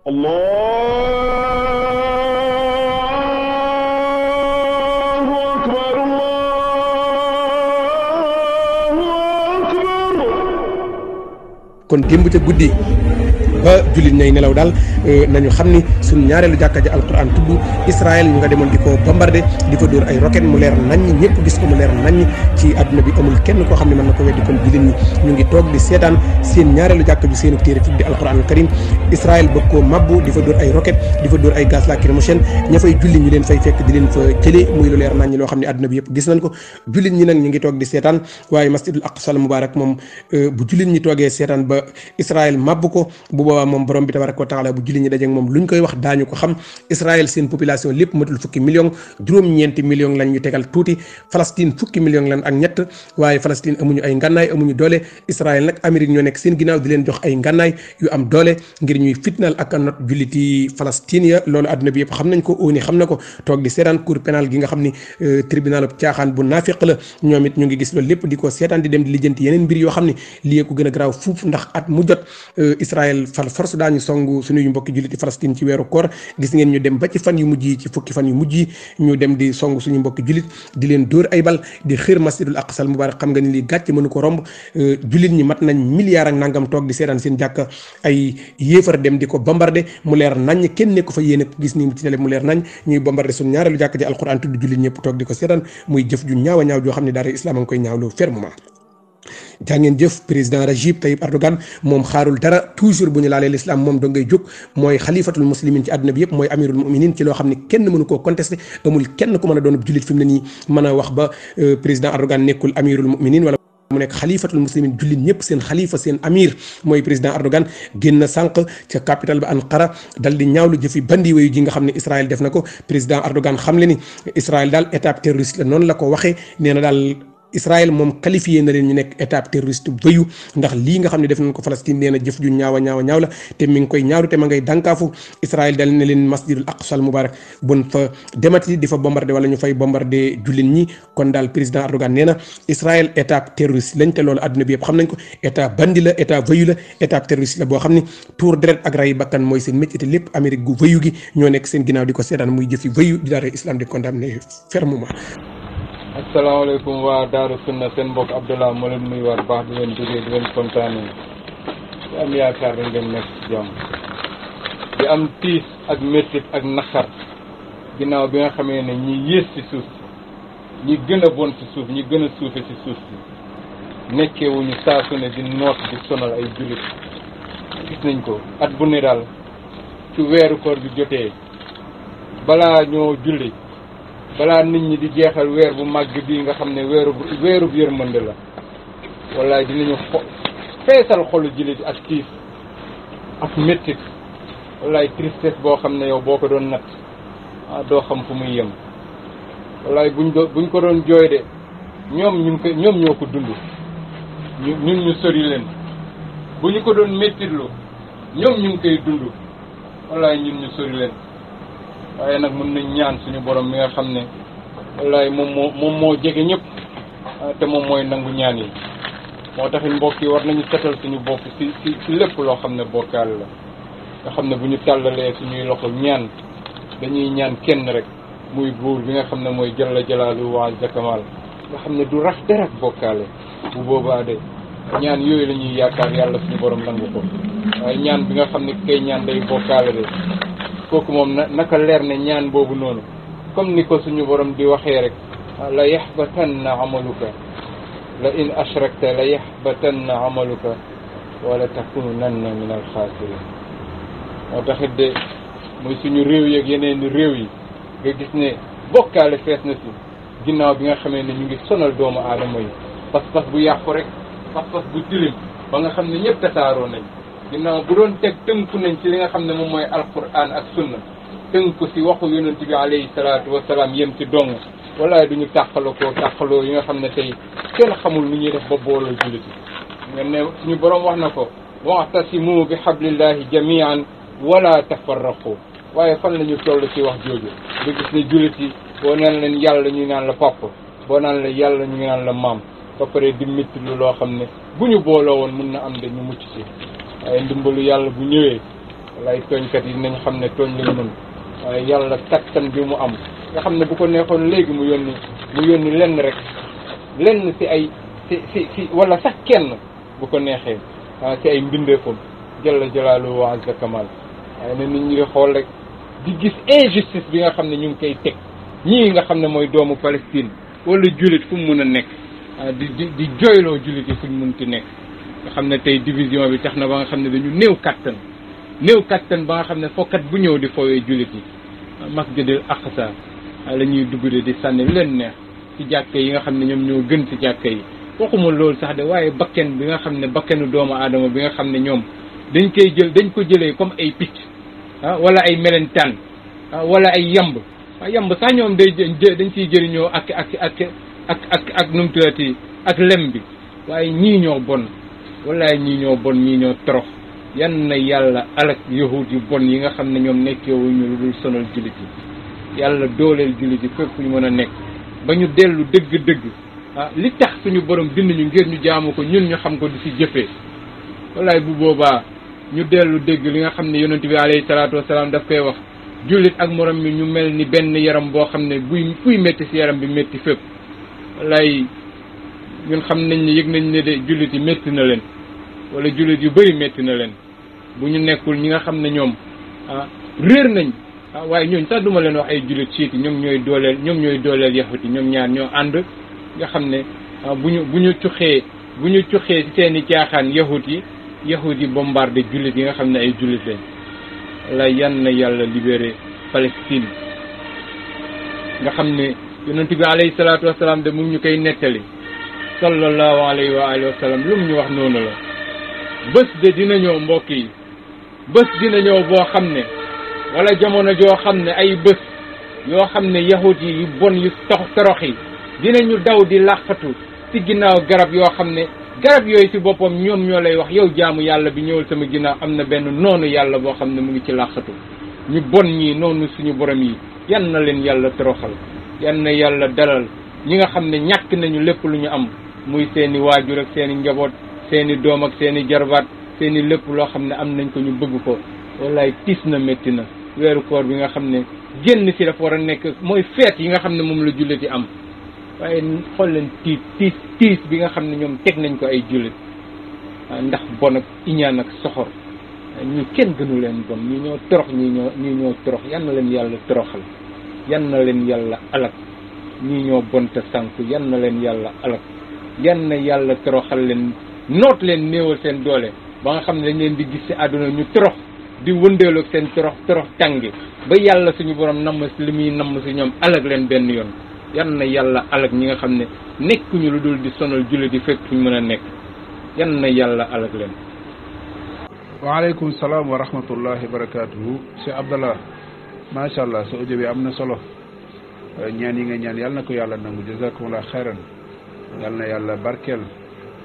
allahu akbar allahu akbar kon démb ca guddi ba jullit ñay nelaw daal euh, nañu xam ni suñ ñaareelu jàkka ja alquran tudd Israël ñu nga demoon di ko bombardé di ko dóor ay roquette mu leer ñëpp gis ko leer bi amul kenn koo xam ne mën na ko weddi kon jullit ñi ñu ngi toog di seetaan seen ñaareelu jàkka ju di fa dóor ay roquette di leen fay fekk di leen fa jëlee muy lu ne àdduna bi yëpp gis nañ ko jullit ñi nag ñu ngi toog di seetaan waaye masjidul aqsal mubarak moom euh, bu jullit ñi toogee seetaan ba Israël mabbu ko boba mom borom bi tabaraku taala bu julli ñi dajeeg moom luñ koy wax dañu ko xam israël seen population lepp matul fukki million juróom ñent million lañ ñu tegal touti Palestine fukki million lañ ak ñett waye Palestine amuñu ay ngannaay amuñu doole israël nak amerique ñoo nek seen ginaaw di leen jox ay ngannaay yu am doole ngir ñuy fitnal ak not julliti Palestine ya loolu aduna bi yëpp xam nañ ko óoni xam na ko di sétane cour pénal gi nga xam ni euh, tribunal tiaxan bu nafiq la ñoom ñu ngi gis lool lepp diko sétane di dem di lijeenti yeneen mbir yo xam ni li ko gëna graw fuf ndax at mu jot euh, israël fal force daañu song suñuy mbokki jullit yi Palestine ci weeru koor gis ngeen ñu dem ba ci fan yu mujj yi ci fukki fan yu mujj yi ñu dem di song suñu mbokki jullit di leen dóor ay bal di xër masjidul aqsal mubarak xam nga ni li gàcce ko romb euh, jullit ñi mat nañ milliard ak nangam toog di seetaan seen jàkk ay yéefar dem di ko bombardé mu leer kenn nekku fa a gis ni ci télé mu leer nañ ñuy ñëpp toog di ko seetaan muy jëf ju ñaaw a ñaaw joo xam ne daara islam a ngi koy ñaawloo fermement jaa ngeen président Rajib Tayyip Erdogan moom xaarul dara toujours bu ñu laalee l'islam moom dongay jóg mooy xalifatul muslimin ci àdduna bi yëpp mooy amirul muminin ci loo xam kenn mënu koo contesté amul kenn ku mën a doon ab jullit fi mu wax ba président Erdogan nekkul amirul muminin wala mu nekk xalifatul muslimin jullit ñëpp seen xalifa seen amir mooy président Erdogan génn sànq ca capital ba Ankara dal di ñaawlu jëfi bandi wéyu ji nga xam Israël def na président Erdogan xam le Israël dal étape terroriste la noonu la ko waxee nee na Israël moom qualifié na leen ñu nekk état terroriste bëyu ndax lii nga xam ne def nañ ko Palestine nee na jëf ju ñaawa ñaawa ñaaw la te mi ngi koy ñaaru te ma ngay dànkaafu Israël dal na leen masjidul aqsa al mubarak bun fa demati di fa bombardé ñu fay bombardé jullit ñi kon daal président Erdogan nee na Israël état terroriste lañ te loolu adduna bi yëpp xam nañ ko état bandi la état vëyu la état terroriste la boo xam ne tour deret ak ray bakkan mooy seen métier lépp Amérique gu vëyu gi ñoo nekk seen ginnaaw di ko seetaan muy jëfi vëyu di daara islam di condamné fermement asalaamaaleykum waa Daaru Sunna seen mbokk Abdallah moo leen nuyuwaat baax di leen jógee du leen kontaane di am yaakaar da ngeen nekk ci jàmm di am tiis ak métit ak naqar ginnaaw bi nga xamee ne ñi yées ci suuf ñi gën a bon ci suuf ñi gën a suufe ci suuf si nekkeewuñu ne di noot di sonal ay jullit gis nañ ko at bu ne daal su weeru koor bi jotee balaa ñoo julli bala nit ñi di jéxal wër bu mag bi nga xam wëru weeru weeru yërmande la wala dinañu xo feesal xolu jilit ak tif ak metti wallahi tristesse bo xamné yow boko doon nat ah, do xam fu muy yëm wallahi buñ do buñ ko doon joy dé ñom ñu ñom ñoko dund ñu ñun ñu sori leen buñ ko doon metti lu ñom ñu ngi koy dund wallahi ñun ñu sori leen waaye nag mën nañ ñaan suñu borom mi nga xam ne wallaay moom moo moom moo jege ñëpp ah, te moom mooy nangu ñaan yi moo taxit mbokk yi war nañu setal suñu bopp si ci lépp loo xam ne bokkaal la nga xam ne bu ñu tàllalee suñuy loxo ñaan dañuy ñaan kenn rek muy buur bi nga xam ne mooy jalla jalaalu waa jakamal nga xam ne du rax dara ak bokkaale bu boobaa de ñaan yooyu la ñuy yaakaar yàlla suñu borom nangu ko waaye ñaan bi nga xam ne kay ñaan day bokkaale kooku moom na naka leer ne ñaan boobu noonu comme ni ko suñu borom di waxee rek la yaxbatanna amaluka la in ashrakta la yaxbatanna amaluka wala takunanna min alxaasirin moo taxit de muy suñu réew yeeg yeneen réew yi nga gis ne bokkaale fees na si ginnaaw bi nga xamee ne ñu ngi sonal doomu aadama yi pas-pas bu yàqu rek pas-pas bu tilim ba nga xam ne ñëpp tasaaroo nañ ginnaaw bu doon teg tënku nañ ci li nga xam ne moom mooy alquran ak sunna tënku si waxu yonent bi alayhi salaatu wasalaam yem ci dong wala duñu tàqaloo koo tàqaloo yi nga xam ne tey kenn xamul lu ñuy def ba booloo jullit nga ne suñu borom wax na ko waxtasimu bi xablillahi jamian wala tafarraqu waaye fan la ñu toll ci wax jooju nga gis ne jullit yi boo naan leen yàlla ñu naan la papa boo naan la yàlla ñu naan la maam ba pare di métti lu loo xam ne bu ñu booloo woon mun na am dañu mucc si waaye ndimbalu yàlla bu ñëwee walaay tooñkat yi nañ xam ne tooñ lañ mën waaye yàlla kattan bi mu am nga xam ne bu ko neexoon léegi mu yónni mu yónni lenn rek lenn si ay si si si wala sax kenn bu ko neexee si ay mbindeefam jël jalaaluhu wa azza kamal waaye na nit ñi xool rek di gis injustice bi nga xam ne ñu ngi koy teg ñii nga xam ne mooy doomu Palestine wala jullit fu mu mën a nekk di di di jooyloo jullit yi fuñ munti nekk nga xam ne tey division bi tax na ba nga xam ne dañu néew kattan néew kattan ba nga xam ne fokkat bu ñëw di fowee jullit yi masjidil aqsa la lañuy dugg di sànni lu leen neex ci jàkka yi nga xam ne ñoom ñoo gën ci jàkka yi waxuma loolu sax de waaye bakken bi nga xam ne bakkenu doomu aadama bi nga xam ne ñoom dañ koy jël dañ ko jëlee comme ay picc ah wala ay melentaan ah wala ay yamb yamb sax ñoom day dañ ciy jëriñoo ak ak ak ak ak ak ak lem bi waaye ñii ñoo bon walaay ñii ñoo bon ñii ñoo torox yan na yàlla alak yahud yu bon yi nga xam ne ñoom nekkeewuñu lu dul sonal jullit yi yàlla dooleel jullit yi fépp ñu mën a nekk ba ñu dellu dëgg-dëgg ah li tax suñu borom bind ñu ngir ñu jaamu ko ñun ñu xam ko di si jëfee walaay bu boobaa ñu dellu dégg li nga xam ne yonent bi alayhi salaatu wasalaam daf koy wax jullit ak morom mi ñu mel ni benn yaram boo xam ne buy fuy métti si yaram bi métti fépp walaay ñun xam nañ ne yëg nañ ne de jullit yi métti na leen wala jullit yu bari metti na leen bu ñu nekkul ñi nga xam ne ñoom ah réer nañ ah waaye ñooñu sax duma leen wax ay jullit siiti ñoom ñooy dooleel ñoom ñooy dooleel yaxut yi ñoom ñaar ñoo ànd nga xam ne bu ah, ñu bu ñu bu ñu cuxee ci seen i caaxaan yaxut yi yaxut yi bombardé jullit yi nga xam ne ay jullit lañ la yan na yàlla libéré Palestine nga xam ne yonent bi alayhi salaatu wasalaam de mu ñu koy nettali sallallahu alayhi wa alihi wa sallam lu mu ñu wax noonu la bés de dina ñëw mbokk yi bés dina ñëw boo xam ne wala jamono joo xam ne ay bés yoo xam ne yahut yi yu bon yu tox torox yi dinañu daw di làqatu ci ginnaaw garab yoo xam ne garab yooyu ci boppam ñoom ñoo lay wax yow jaamu yàlla bi ñëwal sama ginnaaw am na benn noonu yàlla boo xam ne mu ngi ci làqatu ñu bon ñi noonu suñu borom yi yan leen yàlla toroxal yan yàlla dalal ñi nga xam ne ñàkk nañu lépp lu ñu am muy seeni wajur ak seeni njabot seeni dom ak seeni jarbat seeni lepp lo xamne am nañ ko ñu bëgg ko wallaay tis na metti na weeru koor bi nga xamne genn ci dafa a nekk mooy yi nga xamne mom la julliti am waye xol leen tis tis tis bi nga xamne ñom tek nañ ko ay jullit ah, ndax bon ak iñaan ak soxor ah, ñu kenn gënu leen bon ñu ñoo torox ñu ñoo ñu ñoo torox yan na leen yalla toroxal yan na leen yalla alak ñi ñoo bon yan na leen yalla alak yan yalla yàlla toroxal leen noot leen néewal seen doole ba nga xam ne dañ leen di gis si àdduna ñu torox di wëndeeloo seen torox torox tàngi ba yàlla suñu borom namm li muy namm si ñoom alag leen benn yoon yan na yàlla alag ñi nga xam ne nekkuñu lu dul di sonal julli di fekk fuñ mën a nekk yan na yàlla alag leen waaleykum salaam wa rahmatullahi wa barakatuhu si abdallah macha allah sa audio bi am na solo ñaan yi nga ñaan yàlla na ko yàlla nangu jazakumullah xayran yal na yàlla barkeel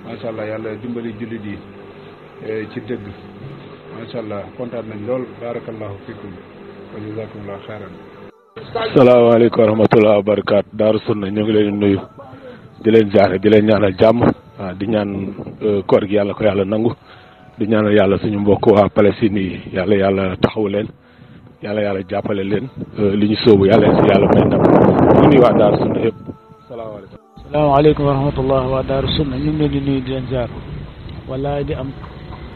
macha allah yàlla dimbali jullit yi e, ci dëgg macha allah kontaan nañ lool baarakallahu fikum wa jazakumullah xayran alaykum wa rahmatulah wa barakaat daaru sunna ñu ngi leen nuyu di leen jaare di leen ñaanal jàmm ah, di ñaan e, koor gi yàlla ko yàlla nangu di ñaanal yàlla suñu mbokk waa palestine yi yàlla yàlla taxawu leen yàlla yàlla jàppale leen e, li ñu sóobu yàlla yàlla may ndam ñu nuyu waa daaru sunna yëpp السلام عليكم ورحمة الله ودار السنة نيم ني نيو دي نزار والله دي ام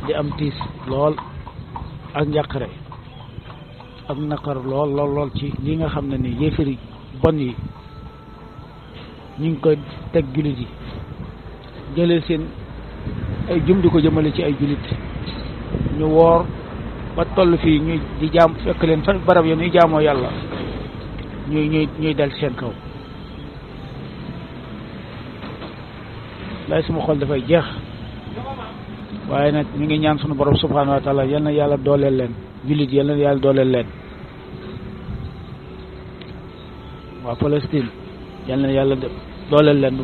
دي ام تيس لول اك نياخري اك نكار لول لول لول تي ليغا خامن ني ييفري بون ني نين كو تك جوليتي جيلي سين اي جوم ديكو جمالي تي اي جوليت ني وور في toll fii ñuy di jaam fekk leen fan barab ya ñuy jaamoo yàlla ñuy ñuy ñuy dal seen kaw lay suma xol dafay jeex waaye nag ñu ngi ñaan sunu borom subhanahu wa taala yal na yàlla dooleel leen jullit yal na yàlla dooleel leen waa Palestine yal na yàlla dooleel leen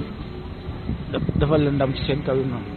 defal leen ndam ci seen kaw yi